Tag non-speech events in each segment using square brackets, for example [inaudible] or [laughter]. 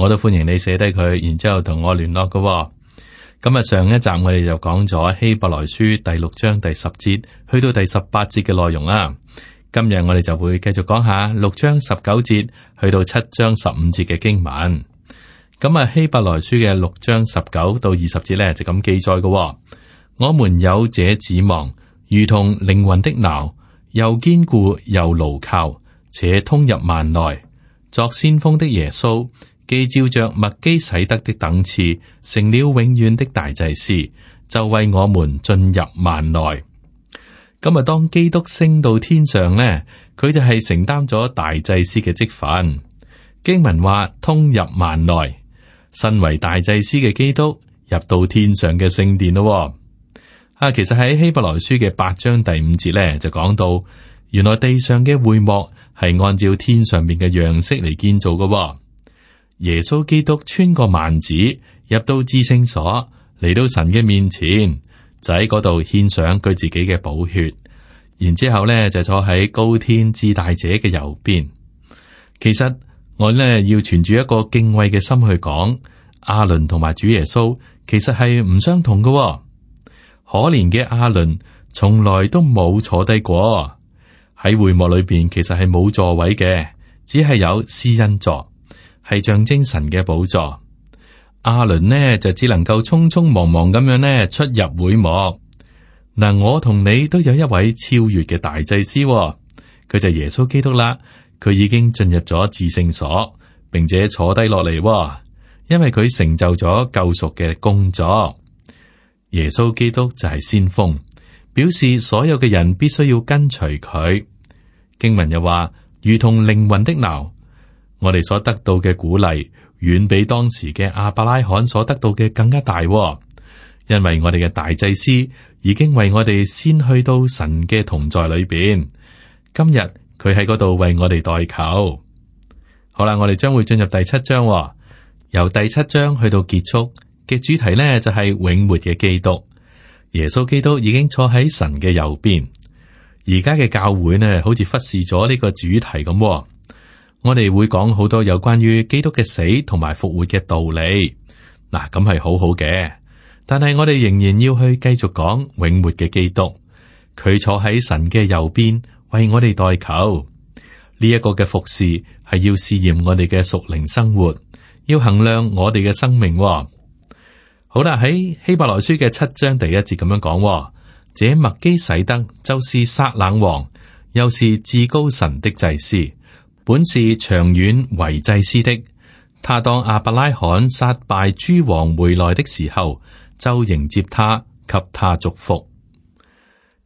我都歡迎你寫低佢，然之後同我聯絡噶、哦。咁啊，上一集我哋就講咗希伯來書第六章第十節去到第十八節嘅內容啦。今日我哋就會繼續講下六章十九節去到七章十五節嘅經文。咁、嗯、啊，希伯來書嘅六章十九到二十節咧，就咁記載噶、哦。我們有這指望，如同靈魂的錨，又堅固又牢靠，且通入幔內作先鋒的耶穌。既照着麥基洗德的等次，成了永遠的大祭司，就為我們進入幔內。咁啊，當基督升到天上呢，佢就係承擔咗大祭司嘅職份，經文話通入幔內。身為大祭司嘅基督入到天上嘅聖殿咯。啊，其實喺希伯來書嘅八章第五節呢，就講到原來地上嘅會幕係按照天上面嘅樣式嚟建造噶。耶穌基督穿過幔子，入到至聖所，嚟到神嘅面前，就喺嗰度獻上佢自己嘅寶血。然之後咧就坐喺高天至大者嘅右邊。其實我咧要存住一個敬畏嘅心去講，亞倫同埋主耶穌其實係唔相同嘅喎。可憐嘅亞倫從來都冇坐低過，喺會幕裏邊其實係冇座位嘅，只係有施恩座。係象徵神嘅寶座，阿倫呢就只能夠匆匆忙忙咁樣呢出入會幕。嗱，我同你都有一位超越嘅大祭司喎，佢就耶穌基督啦。佢已經進入咗至聖所，並且坐低落嚟，因為佢成就咗救贖嘅工作。耶穌基督就係先鋒，表示所有嘅人必須要跟隨佢。經文又話，如同靈魂的錨。我哋所得到嘅鼓勵，遠比當時嘅阿伯拉罕所得到嘅更加大哦。因為我哋嘅大祭司已經為我哋先去到神嘅同在裏邊。今日佢喺嗰度為我哋代求。好啦，我哋將會進入第七章哦，由第七章去到結束嘅主題呢，就係永活嘅基督耶穌基督已經坐喺神嘅右邊。而家嘅教會呢，好似忽視咗呢個主題咁哦。我哋會講好多有關於基督嘅死同埋復活嘅道理，嗱咁係好好嘅。但係我哋仍然要去繼續講永活嘅基督，佢坐喺神嘅右邊為我哋代求。呢、這、一個嘅服侍係要試驗我哋嘅屬靈生活，要衡量我哋嘅生命、哦。好啦，喺希伯來書嘅七章第一節咁樣講、哦：，這麥基洗德就是撒冷王，又是至高神的祭司。本是長遠為祭司的，他當亞伯拉罕殺敗諸王回來的時候，就迎接他，給他祝福。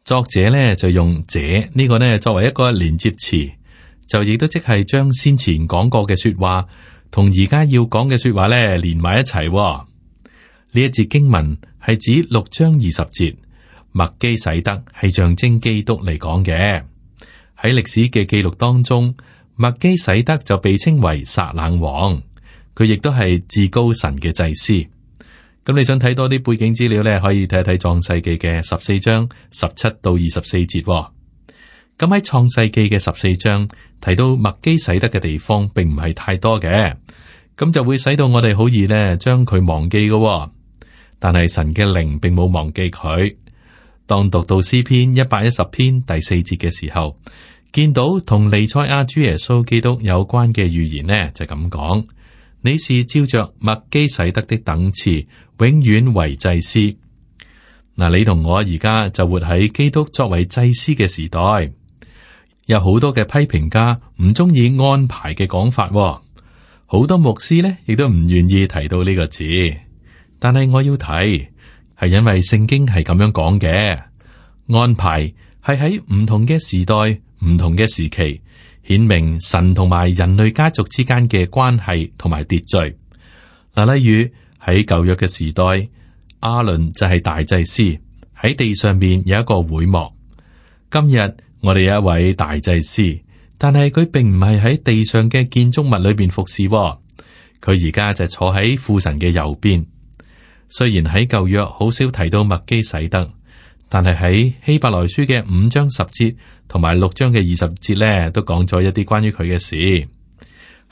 作者呢，就用這呢個呢作為一個連接詞，就亦都即係將先前講過嘅說話同而家要講嘅說話呢連埋一齊、哦。呢一節經文係指六章二十節，麥基洗德係象徵基督嚟講嘅，喺歷史嘅記錄當中。麥基洗德就被稱為撒冷王，佢亦都係至高神嘅祭司。咁你想睇多啲背景資料咧，可以睇一睇《創世紀》嘅十四章十七到二十四節喎。咁喺《創世紀》嘅十四章提到麥基洗德嘅地方，並唔係太多嘅，咁就會使到我哋好易咧將佢忘記㗎喎。但係神嘅靈並冇忘記佢。當讀到詩篇一百一十篇第四節嘅時候。見到同彌賽亞主耶穌基督有關嘅預言呢，就咁、是、講。你是照着麥基洗德的等次，永遠為祭司。嗱，你同我而家就活喺基督作為祭司嘅時代，有好多嘅批評家唔中意安排嘅講法、哦，好多牧師呢，亦都唔願意提到呢個字。但係我要提，係因為聖經係咁樣講嘅。安排係喺唔同嘅時代。唔同嘅時期，顯明神同埋人類家族之間嘅關係同埋秩序。嗱，例如喺舊約嘅時代，阿倫就係大祭司，喺地上面有一個會幕。今日我哋有一位大祭司，但係佢並唔係喺地上嘅建築物裏邊服侍、哦，佢而家就坐喺父神嘅右邊。雖然喺舊約好少提到麥基洗德。但係喺希伯來書嘅五章十節同埋六章嘅二十節咧，都講咗一啲關於佢嘅事。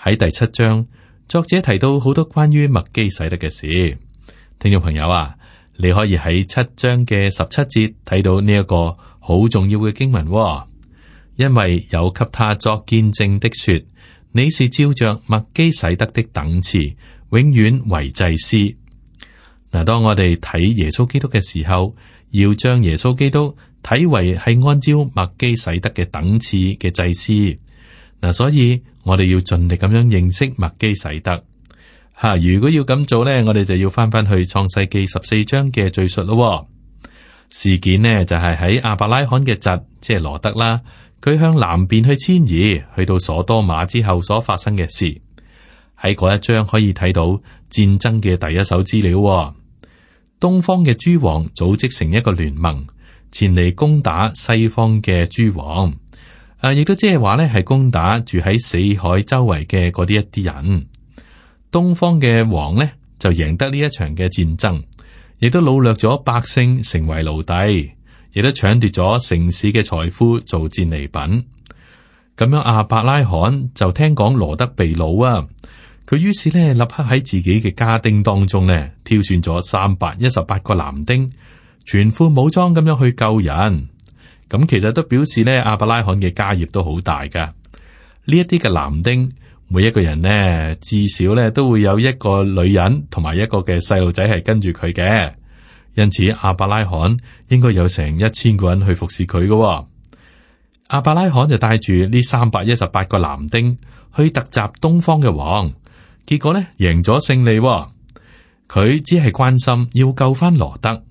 喺第七章，作者提到好多關於麥基洗德嘅事。聽眾朋友啊，你可以喺七章嘅十七節睇到呢一個好重要嘅經文，哦，因為有給他作見證的說，你是照着麥基洗德的等次，永遠為祭司。嗱，啊，當我哋睇耶穌基督嘅時候。要將耶穌基督睇為係按照麥基洗德嘅等次嘅祭司，嗱，所以我哋要盡力咁樣認識麥基洗德吓、啊。如果要咁做咧，我哋就要翻翻去創世記十四章嘅敘述咯、哦。事件呢，就係、是、喺亞伯拉罕嘅侄，即係羅德啦，佢向南邊去遷移，去到所多瑪之後所發生嘅事，喺嗰一章可以睇到戰爭嘅第一手資料、哦。東方嘅諸王組織成一個聯盟，前嚟攻打西方嘅諸王，誒，亦都即係話咧係攻打住喺死海周圍嘅嗰啲一啲人。東方嘅王呢，就贏得呢一場嘅戰爭，亦都擄掠咗百姓成為奴隸，亦都搶奪咗城市嘅財富做戰利品。咁樣阿伯拉罕就聽講羅得被擄啊！佢於是咧，立刻喺自己嘅家丁當中咧，挑選咗三百一十八個男丁，全副武裝咁樣去救人。咁其實都表示咧，阿伯拉罕嘅家業都好大噶。呢一啲嘅男丁，每一個人呢，至少咧都會有一個女人同埋一個嘅細路仔係跟住佢嘅。因此，阿伯拉罕應該有成一千個人去服侍佢噶。阿伯拉罕就帶住呢三百一十八個男丁去突襲東方嘅王。結果呢，贏咗勝利，哦，佢只係關心要救翻羅德，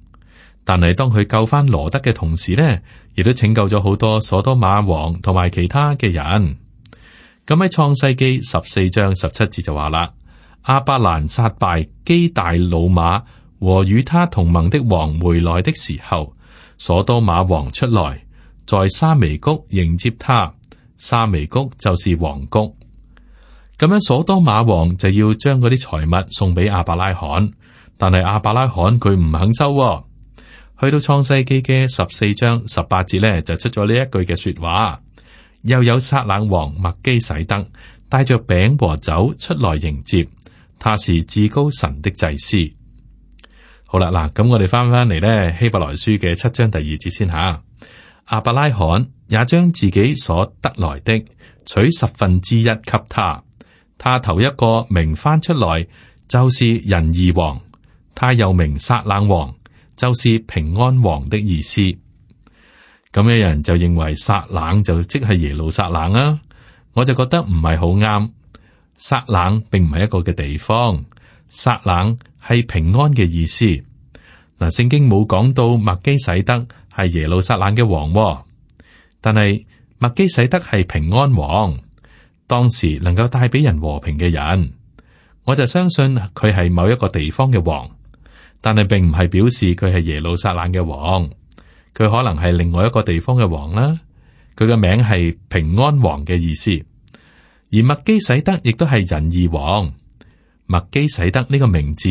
但係當佢救翻羅德嘅同時呢，亦都拯救咗好多所多瑪王同埋其他嘅人。咁喺創世記十四章十七節就話啦：阿伯蘭殺敗基大老馬和與他同盟的王回來的時候，所多瑪王出來在沙彌谷迎接他，沙彌谷就是王谷。咁樣，所多瑪王就要將嗰啲財物送俾阿伯拉罕，但係阿伯拉罕佢唔肯收，哦。去到創世紀嘅十四章十八節咧，就出咗呢一句嘅說話。又有撒冷王麥基洗德帶着餅和酒出來迎接，他是至高神的祭司。好啦，嗱，咁我哋翻翻嚟，呢希伯來書嘅七章第二節先吓。阿伯拉罕也將自己所得來的取十分之一給他。他頭一個名翻出來就是仁義王，他又名撒冷王，就是平安王的意思。咁有人就認為撒冷就即係耶路撒冷啊，我就覺得唔係好啱。撒冷並唔係一個嘅地方，撒冷係平安嘅意思。嗱，聖經冇講到麥基洗德係耶路撒冷嘅王啊，但係麥基洗德係平安王。當時能夠帶俾人和平嘅人，我就相信佢係某一個地方嘅王，但係並唔係表示佢係耶路撒冷嘅王，佢可能係另外一個地方嘅王啦。佢嘅名係平安王嘅意思，而麥基洗德亦都係仁義王。麥基洗德呢個名字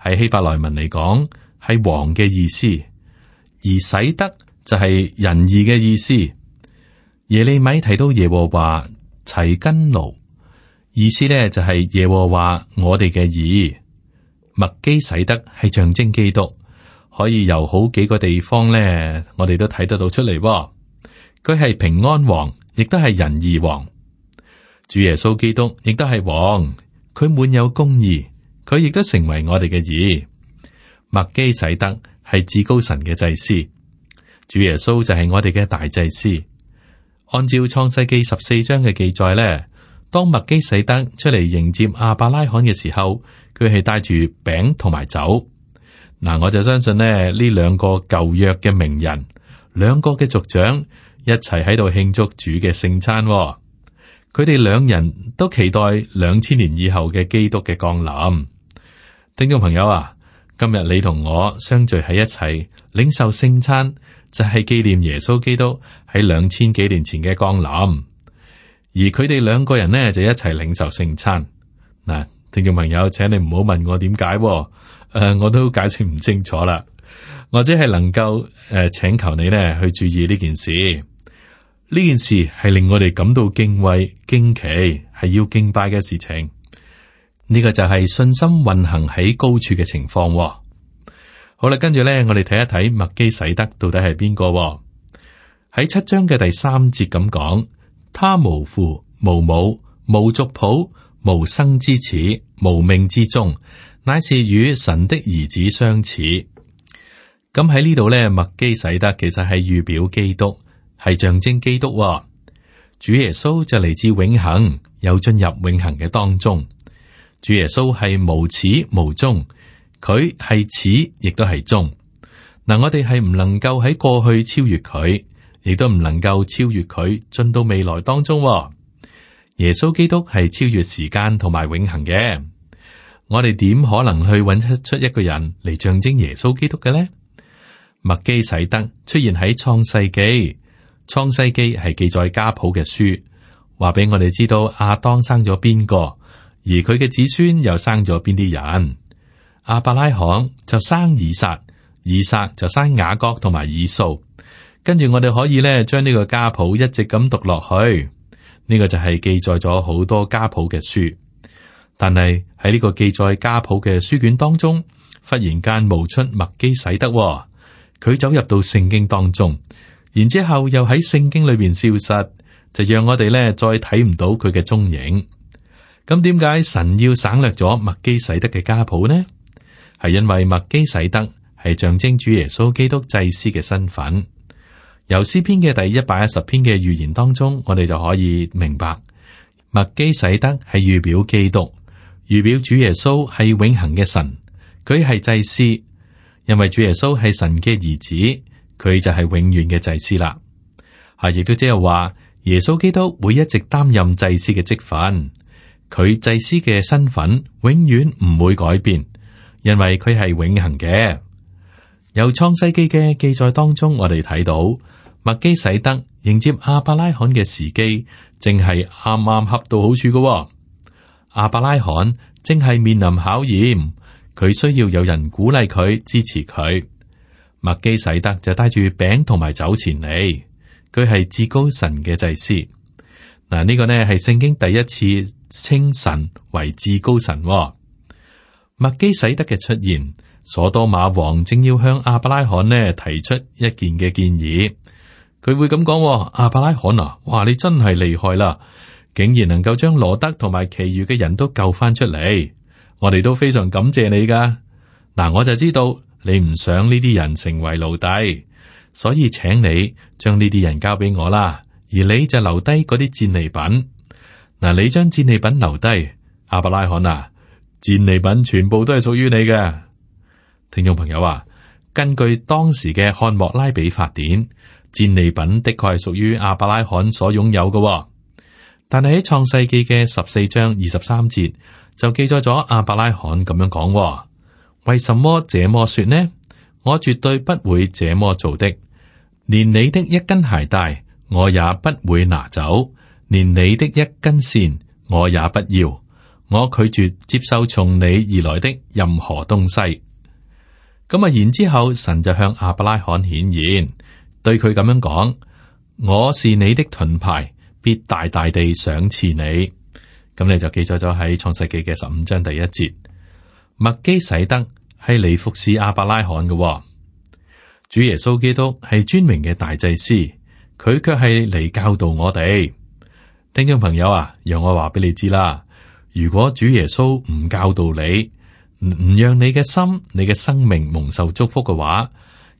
喺希伯來文嚟講係王嘅意思，而洗德就係仁義嘅意思。耶利米提到耶和華。齊根奴意思咧就係、是、耶和華我哋嘅義。麥基洗德係象徵基督，可以由好幾個地方咧，我哋都睇得到出嚟、哦。佢係平安王，亦都係仁義王。主耶穌基督亦都係王，佢滿有公義，佢亦都成為我哋嘅義。麥基洗德係至高神嘅祭司，主耶穌就係我哋嘅大祭司。按照創世記十四章嘅記載呢，當麥基洗德出嚟迎接亞伯拉罕嘅時候，佢係帶住餅同埋酒。嗱，我就相信咧，呢兩個舊約嘅名人，兩個嘅族長一齊喺度慶祝主嘅聖餐。佢哋兩人都期待兩千年以後嘅基督嘅降臨。聽眾朋友啊，今日你同我相聚喺一齊，領受聖餐。就係紀念耶穌基督喺兩千幾年前嘅降臨，而佢哋兩個人呢就一齊領受聖餐。嗱，聽眾朋友，請你唔好問我點解，誒、呃，我都解釋唔清楚啦。或者係能夠誒、呃、請求你呢去注意呢件事，呢件事係令我哋感到敬畏、驚奇，係要敬拜嘅事情。呢、呢個就係信心運行喺高處嘅情況。呃好啦，跟住咧，我哋睇一睇麥基洗德到底係邊個喎？喺七章嘅第三節咁講，他無父無母無族譜無生之始無命之終，乃是與神的兒子相似。咁喺呢度咧，麥基洗德其實係預表基督，係象徵基督，哦。主耶穌就嚟自永恆，有進入永恆嘅當中。主耶穌係無始無終。佢係始，亦都係終。嗱，我哋係唔能夠喺過去超越佢，亦都唔能夠超越佢進到未來當中，哦。耶穌基督係超越時間同埋永恆嘅。我哋點可能去揾出一個人嚟象徵耶穌基督嘅呢？麥基洗德出現喺創世記，創世記係記載家譜嘅書，話俾我哋知道阿當生咗邊個，而佢嘅子孫又生咗邊啲人。亞伯拉罕就生以撒，以撒就生雅各同埋以掃。跟住我哋可以咧，將呢個家譜一直咁讀落去。呢、呢個就係記載咗好多家譜嘅書。但係喺呢個記載家譜嘅書卷當中，忽然間冒出麥基洗德、哦，佢走入到聖經當中，然之後又喺聖經裏邊消失，就讓我哋咧再睇唔到佢嘅蹤影。咁點解神要省略咗麥基洗德嘅家譜呢？係因為麥基洗德係象徵主耶穌基督祭司嘅身份。由詩篇嘅第一百一十篇嘅預言當中，我哋就可以明白，麥基洗德係預表基督，預表主耶穌係永恆嘅神。佢係祭司，因為主耶穌係神嘅兒子，佢就係永遠嘅祭司啦。係亦都即係話，耶穌基督會一直擔任祭司嘅職份，佢祭司嘅身份永遠唔會改變。因為佢係永恒嘅，由創世紀嘅記載當中，我哋睇到麥基洗德迎接阿伯拉罕嘅時機，正係啱啱恰到好處嘅哦。阿伯拉罕正係面臨考驗，佢需要有人鼓勵佢，支持佢。麥基洗德就帶住餅同埋酒前嚟，佢係至高神嘅祭司。嗱，呢個呢係聖經第一次稱神為至高神哦。麥基洗德嘅出現，所多瑪王正要向亞伯拉罕呢提出一件嘅建議，佢會咁講哦：亞伯拉罕啊，哇，你真係厲害啦，竟然能夠將羅德同埋其餘嘅人都救翻出嚟，我哋都非常感謝你㗎。嗱，我就知道你唔想呢啲人成為奴隸，所以請你將呢啲人交俾我啦，而你就留低嗰啲戰利品。嗱，你將戰利品留低，亞伯拉罕啊。戰利品全部都係屬於你嘅。聽眾朋友啊，根據當時嘅《漢莫拉比法典》，戰利品的確係屬於亞伯拉罕所擁有嘅，哦。但係喺創世紀嘅十四章二十三節就記載咗亞伯拉罕咁樣講，哦：為什麼這麼說呢？我絕對不會這麼做的，連你的一根鞋帶我也不會拿走，連你的一根綫我也不要。我拒絕接受從你而來的任何東西。咁啊，然之後神就向亞伯拉罕顯現，對佢咁樣講：我是你的盾牌，必大大地賞賜你。咁你就記載咗喺創世紀嘅十五章第一節。麥基洗德係嚟服侍亞伯拉罕嘅。主耶穌基督係專名嘅大祭司，佢卻係嚟教導我哋。聽眾朋友啊，讓我話俾你知啦。如果主耶穌唔教導你，唔唔讓你嘅心、你嘅生命蒙受祝福嘅話，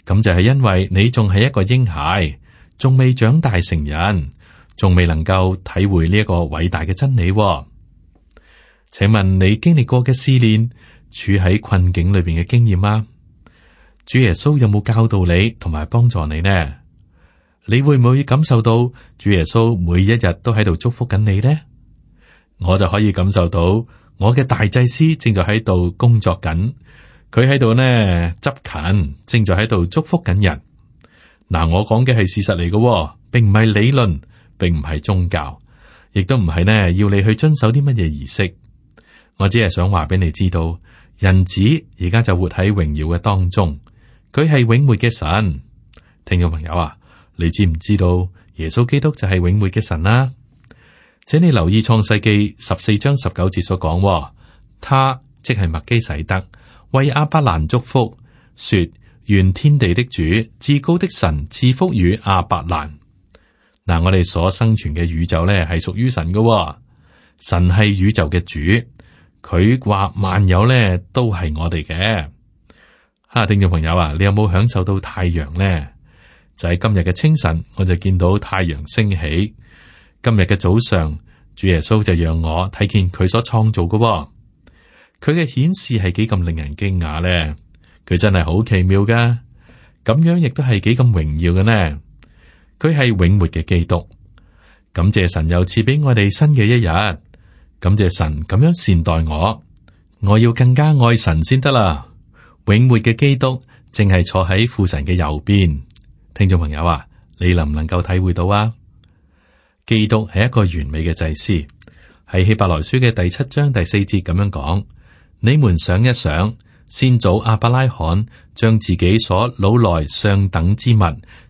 咁就係因為你仲係一個嬰孩，仲未長大成人，仲未能夠體會呢一個偉大嘅真理，哦。請問你經歷過嘅試煉處喺困境裏邊嘅經驗嗎，啊？主耶穌有冇教導你同埋幫助你呢？你會唔會感受到主耶穌每一日都喺度祝福緊你呢？我就可以感受到我嘅大祭司正在喺度工作緊，佢喺度呢執勤，正在喺度祝福緊人。嗱，我講嘅係事實嚟嘅，並唔係理論，並唔係宗教，亦都唔係呢要你去遵守啲乜嘢儀式。我只係想話俾你知道，人子而家就活喺榮耀嘅當中，佢係永活嘅神。聽眾朋友啊，你知唔知道耶穌基督就係永活嘅神啦啊？請你留意《創世記》十四章十九節所講，他即係麥基洗德為亞伯蘭祝福，說：願天地的主、至高的神賜福與亞伯蘭。嗱，我哋所生存嘅宇宙咧，係屬於神嘅，神係宇宙嘅主。佢話萬有咧都係我哋嘅。哈、啊，聽眾朋友啊，你有冇享受到太陽呢？就喺今日嘅清晨，我就見到太陽升起。今日嘅早上，主耶穌就讓我睇見佢所創造嘅，佢嘅顯示係幾咁令人驚訝咧。佢真係好奇妙噶，咁樣亦都係幾咁榮耀嘅呢。佢係永活嘅基督，感謝神又賜俾我哋新嘅一日，感謝神咁樣善待我，我要更加愛神先得啦。永活嘅基督正係坐喺父神嘅右邊，聽眾朋友啊，你能唔能夠體會到啊？基督係一個完美嘅祭司，喺希伯來書嘅第七章第四節咁樣講，你們想一想，先祖亞伯拉罕將自己所擄來上等之物，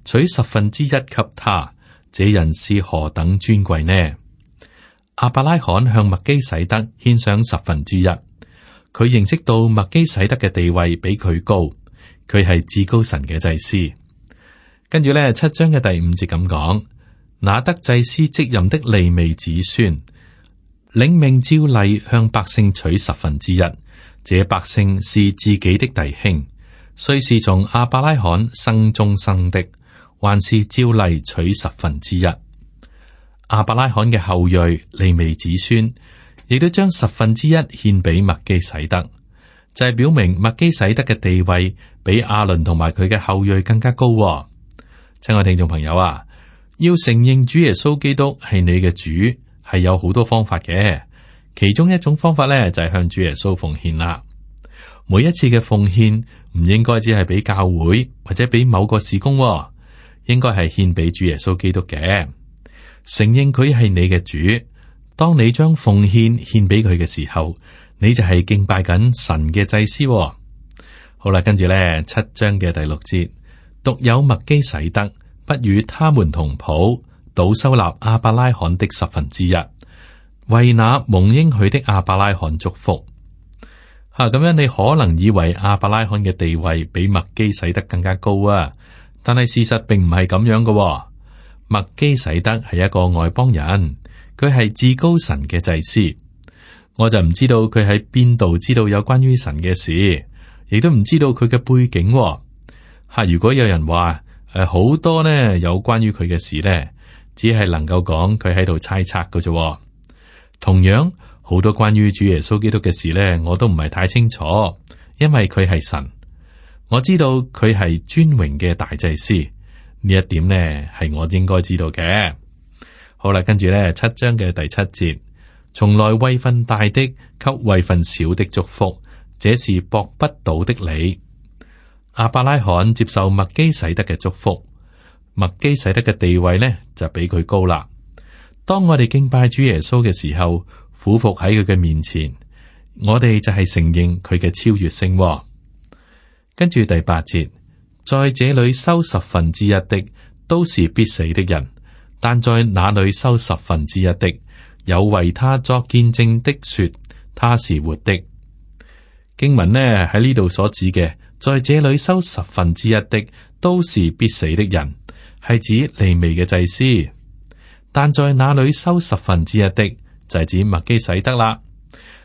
取十分之一給他，這人是何等尊貴呢？亞伯拉罕向麥基洗德獻上十分之一，佢認識到麥基洗德嘅地位比佢高，佢係至高神嘅祭司。跟住咧，七章嘅第五節咁講。那得祭司職任的利未子孫，領命照例向百姓取十分之一。這百姓是自己的弟兄，雖是從亞伯拉罕生中生的，還是照例取十分之一。亞伯拉罕嘅後裔利未子孫，亦都將十分之一獻俾麥基洗德，就係、是、表明麥基洗德嘅地位比亞倫同埋佢嘅後裔更加高、哦。親愛聽眾朋友啊！要承認主耶穌基督係你嘅主，係有好多方法嘅。其中一種方法咧，就係、是、向主耶穌奉獻啦。每一次嘅奉獻唔應該只係俾教會或者俾某個事工、哦，應該係獻俾主耶穌基督嘅。承認佢係你嘅主，當你將奉獻獻俾佢嘅時候，你就係敬拜緊神嘅祭司、哦。好啦，跟住咧七章嘅第六節，獨有麥基洗德。不與他們同譜，倒收納亞伯拉罕的十分之一，為那蒙應許的亞伯拉罕祝福。吓、啊、咁樣，你可能以為亞伯拉罕嘅地位比麥基洗德更加高啊？但係事實並唔係咁樣嘅、哦。麥基洗德係一個外邦人，佢係至高神嘅祭司。我就唔知道佢喺邊度知道有關於神嘅事，亦都唔知道佢嘅背景、哦。吓、啊，如果有人話。誒，好多呢，有關於佢嘅事呢，只係能夠講佢喺度猜測嘅啫。同樣，好多關於主耶穌基督嘅事呢，我都唔係太清楚，因為佢係神。我知道佢係尊榮嘅大祭司，呢一點呢係我應該知道嘅。好啦，跟住呢七章嘅第七節，從來位分大的給位分小的祝福，這是駁不倒的理。亞伯拉罕接受麥基使德嘅祝福，麥基使德嘅地位呢，就比佢高啦。當我哋敬拜主耶穌嘅時候，俯伏喺佢嘅面前，我哋就係承認佢嘅超越性，哦。跟住第八節，在這 [noise] 裏收十分之一的都是必死的人，但在那裏收十分之一的有為他作見證的說，說他是活的經文呢，喺呢度所指嘅。在這裏收十分之一的都是必死的人，係指利未嘅祭司；但在那裏收十分之一的就係、是、指麥基洗德啦。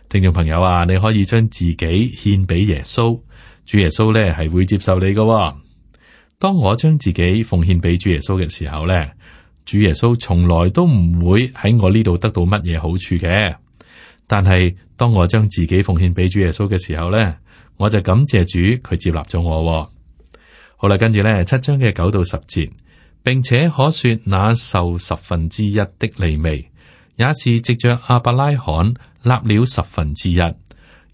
聽眾朋友啊，你可以將自己獻俾耶穌，主耶穌咧係會接受你噶。當我將自己奉獻俾主耶穌嘅時候咧，主耶穌從來都唔會喺我呢度得到乜嘢好處嘅。但係當我將自己奉獻俾主耶穌嘅時候咧。我就感謝主，佢接納咗我，哦。好啦，跟住呢，七章嘅九到十節，並且可說那受十分之一的利未，也是藉着亞伯拉罕納了十分之一，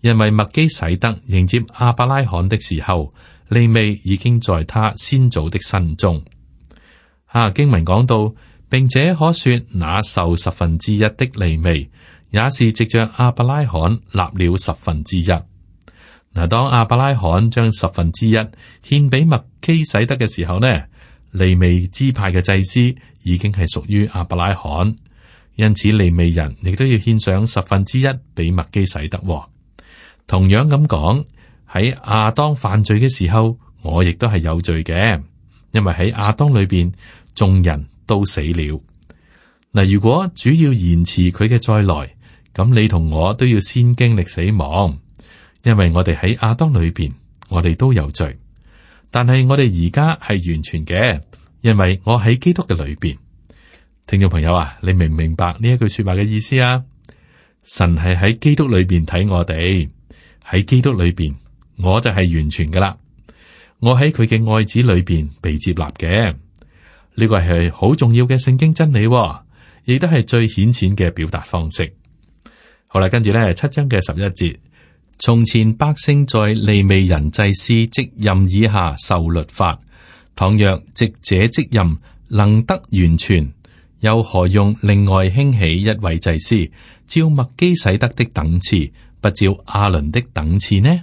因為麥基洗德迎接亞伯拉罕的時候，利未已經在他先祖的身中。啊，經文講到，並且可說那受十分之一的利未，也是藉着亞伯拉罕納了十分之一。嗱，當亞伯拉罕將十分之一獻俾麥基洗德嘅時候呢，利未支派嘅祭司已經係屬於亞伯拉罕，因此利未人亦都要獻上十分之一俾麥基洗德。同樣咁講，喺亞當犯罪嘅時候，我亦都係有罪嘅，因為喺亞當裏邊眾人都死了。嗱，如果主要延遲佢嘅再來，咁你同我都要先經歷死亡。因為我哋喺亞當裏邊，我哋都有罪。但係我哋而家係完全嘅，因為我喺基督嘅裏邊。聽眾朋友啊，你明唔明白呢一句說話嘅意思啊？神係喺基督裏邊睇我哋，喺基督裏邊我就係完全噶啦。我喺佢嘅愛子裏邊被接納嘅，呢個係好重要嘅聖經真理哦，亦都係最顯淺嘅表達方式。好啦，跟住咧七章嘅十一節。從前百姓在利未人祭司職任以下受律法，倘若藉這職任能得完全，又何用另外興起一位祭司？照麥基洗德的等次，不照亞倫的等次呢？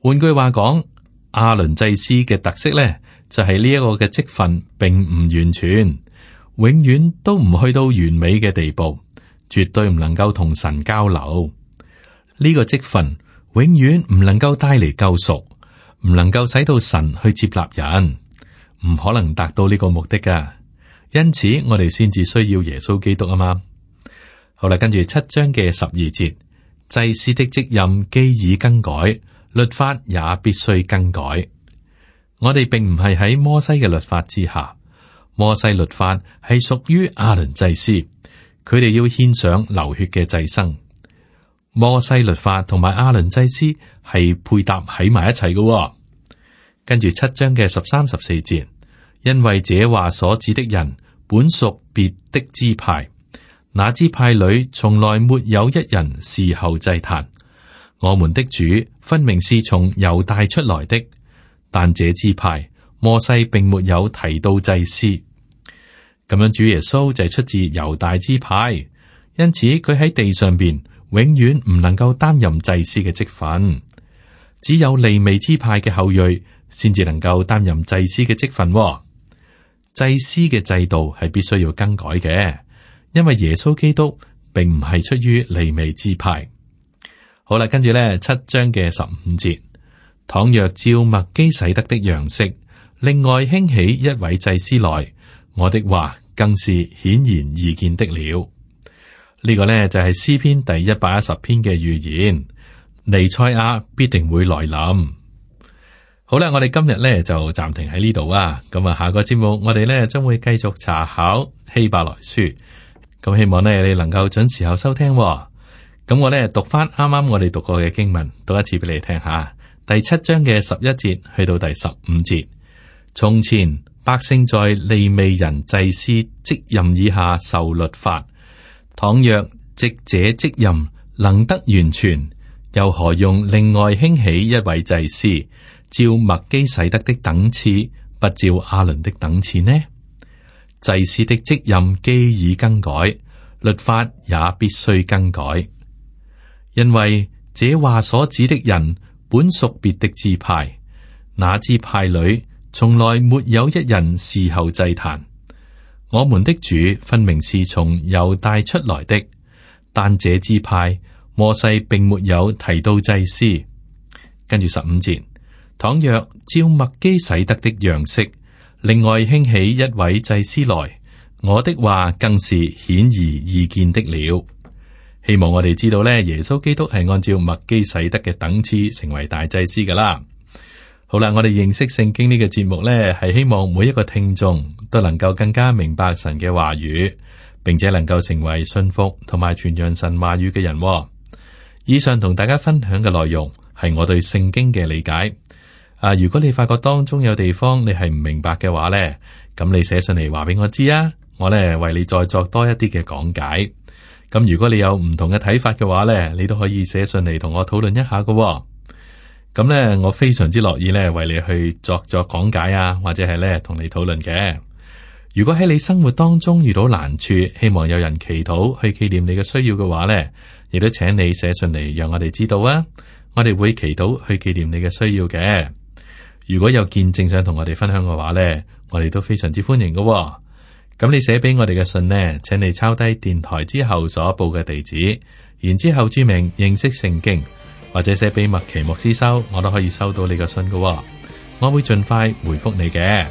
換句話講，亞倫祭司嘅特色咧，就係呢一個嘅職份並唔完全，永遠都唔去到完美嘅地步，絕對唔能夠同神交流。呢個職份永遠唔能夠帶嚟救贖，唔能夠使到神去接納人，唔可能達到呢個目的噶。因此，我哋先至需要耶穌基督啊嘛。好啦，跟住七章嘅十二節，祭司的職任既已更改，律法也必須更改。我哋並唔係喺摩西嘅律法之下，摩西律法係屬於亞倫祭司，佢哋要獻上流血嘅祭牲。摩西律法同埋阿倫祭司係配搭喺埋一齊嘅、哦。跟住七章嘅十三十四節，因為這話所指的人本屬別的支派，那支派裏從來沒有一人伺候祭壇。我們的主分明是從猶大出來的，但這支派摩西並沒有提到祭司，咁樣主耶穌就係出自猶大支派，因此佢喺地上邊。永遠唔能夠擔任祭司嘅職份，只有利未支派嘅後裔先至能夠擔任祭司嘅職份、哦。祭司嘅制度係必須要更改嘅，因為耶穌基督並唔係出於利未支派。好啦，跟住咧七章嘅十五節，倘若照麥基洗德的樣式，另外興起一位祭司來，我的話更是顯然易見的了。呢個呢，就係、是、詩篇第一百一十篇嘅預言，彌賽亞必定會來臨。好啦，我哋今日呢，就暫停喺呢度啊。咁、嗯、啊，下個節目我哋呢，將會繼續查考希伯來書。咁、嗯、希望呢，你能夠準時候收聽、哦。咁、嗯、我呢，讀翻啱啱我哋讀過嘅經文，讀一次俾你聽下。第七章嘅十一節去到第十五節，從前百姓在利未人祭司職任以下受律法，倘若職者職任能得完全，又何用另外興起一位祭司，照麥基洗德的等次，不照阿倫的等次呢？祭司的職任既已更改，律法也必須更改，因為這話所指的人本屬別的支派，那支派裏從來沒有一人伺候祭壇。我們的主分明是從猶大出來的，但這支派摩西並沒有提到祭司。跟住十五節，倘若照麥基洗德的樣式，另外興起一位祭司來，我的話更是顯而易見的了。希望我哋知道咧，耶穌基督係按照麥基洗德嘅等次成為大祭司噶啦。好啦，我哋認識聖經呢個節目呢，係希望每一個聽眾都能夠更加明白神嘅話語，並且能夠成為信服同埋傳揚神話語嘅人喎。以上同大家分享嘅內容係我對聖經嘅理解。啊，如果你發覺當中有地方你係唔明白嘅話呢，咁你寫信嚟話俾我知啊，我呢為你再作多一啲嘅講解。咁如果你有唔同嘅睇法嘅話呢，你都可以寫信嚟同我討論一下㗎喎。咁咧，我非常之樂意咧，為你去作作講解啊，或者係咧同你討論嘅。如果喺你生活當中遇到難處，希望有人祈禱去紀念你嘅需要嘅話咧，亦都請你寫信嚟，讓我哋知道啊。我哋會祈禱去紀念你嘅需要嘅。如果有見證想同我哋分享嘅話咧，我哋都非常之歡迎嘅喎。咁你寫俾我哋嘅信呢，請你抄低電台之後所報嘅地址，然之後注明認識聖經。或者寫秘密期末之收，我都可以收到你個信㗎，我會盡快回復你嘅。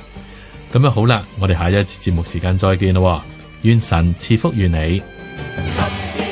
咁啊好啦，我哋下一次節目時間再見咯，願神賜福於你。